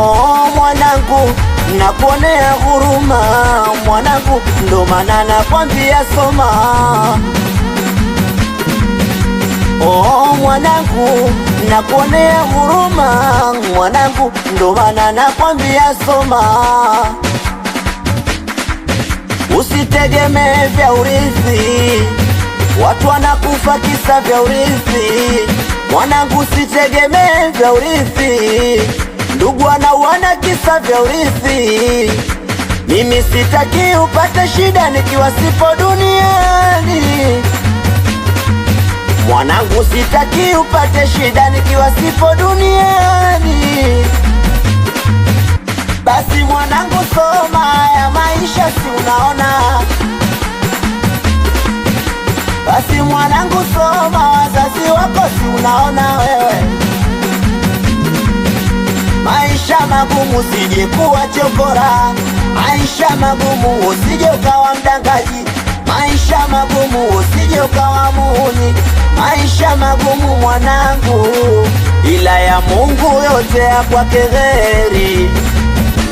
Oh, mwanangu nakuonea huruma mwanangu, ndo maana nakwambia soma. Oh, mwanangu nakuonea huruma mwanangu, ndo maana nakwambia soma. Usitegemee vya urithi, watu wanakufa kisa vya urithi. Mwanangu, usitegemee vya urithi ndugu wana kisa vya urithi. Mimi sitaki upate shida nikiwa sipo duniani, mwanangu, sitaki upate shida nikiwa sipo duniani. Basi mwanangu, soma ya maisha, si unaona? Basi mwanangu, soma wazazi wako, si unaona? magumu, sije kuwa chokora. Maisha magumu, usije ukawa mdangaji. Maisha magumu, usije ukawa muhuni. Maisha magumu mwanangu, ila ya Mungu yote ya kwake heri.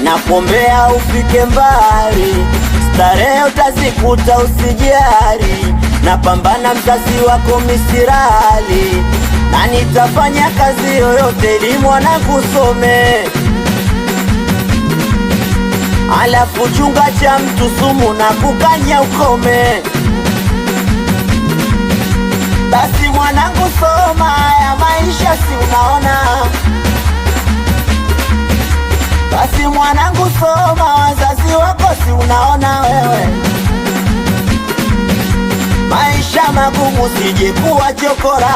Nakuombea ufike mbali, starehe utazikuta, na Napambana mzazi wako misirali, na nitafanya kazi yoyote ili mwanangu some alafu chunga cha mtu sumu na kukanya ukome. Basi mwanangu, soma ya maisha, si unaona? Basi mwanangu, soma wazazi wako, si unaona wewe? Maisha magumu, sije kuwa chokora.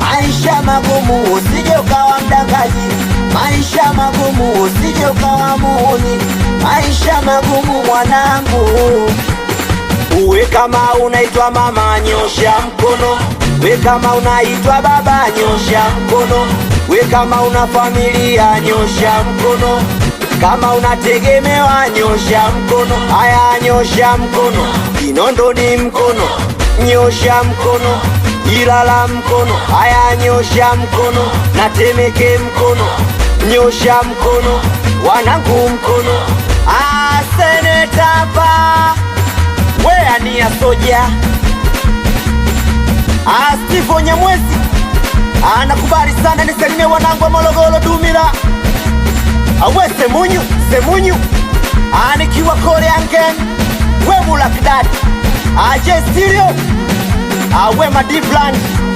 Maisha magumu, usije ukawa mdangaji. Maisha magumu, usije ukawa muhuni maisha magumu mwanangu, uwe kama unaitwa mama nyosha mkono, we kama unaitwa baba nyosha mkono, we kama una familia nyosha mkono, kama unategemewa nyosha mkono. aya nyosha mkono, ni mkono, nyosha mkono Ilala mkono, haya nyosha mkono, na Temeke mkono, nyosha mkono, wanangu mkono Ah, seneta ba wea ni ya soja. Ah, Steve Nyamwezi anakubali sana nisalimie wanangu wa Morogoro Dumila. Awe Semunyu, Semunyu anikiwa kore angen we mulakidadi aje sirio awe madipland